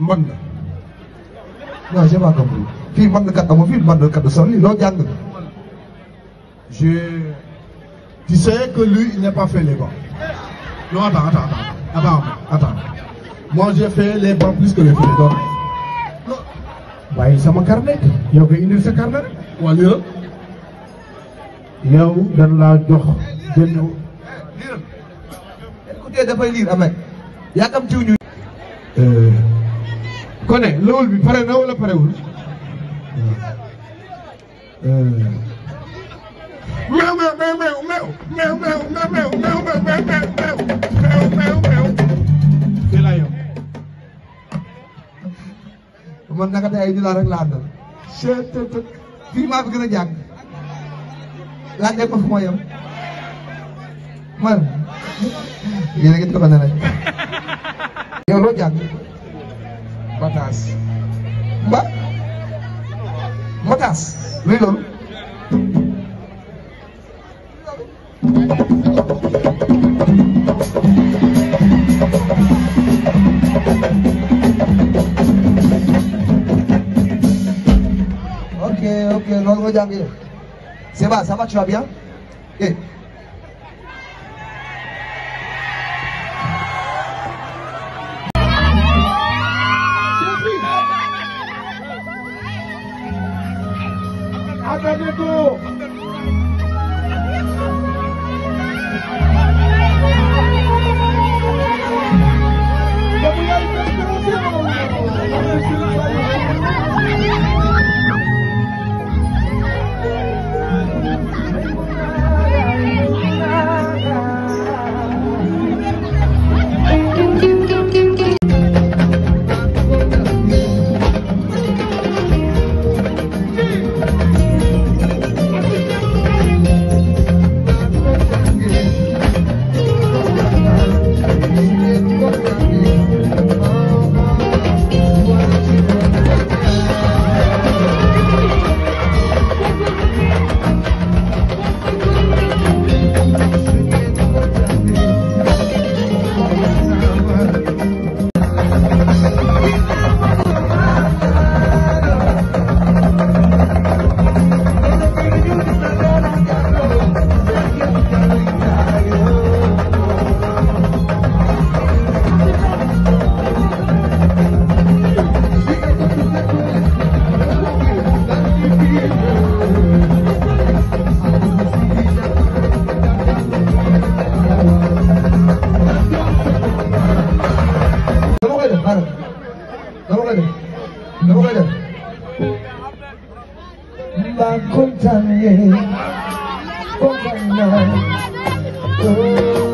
mën na non j'ai pas compris fii mën na kat amu fii mën na kat de lii loo jàng je tu sais que lui il n'a pas fait les bons. non attends attends attends attends moi j'ai fait les bons plus que les filets donc waaye sama carnet yow nga indil y carnet où dans la yow dañ laa jox jënd y a comme tu nous kono lowol mi parana walla parewol mew Meu, meu, meu, meu, meu, meu, meu, meu, meu, meu, meu, meu, meu, meu, meu, meu, meu, man naka day ay dila rek laa dal seet fii maa fi gën jàng laaj leen ko fu man yéen ngi ko fa ne rek jàng Matas Mba Matas luy loolu. ok ok loolu nga jàngee. Seba ça va tu vas bien. eh Oh, my God. Oh,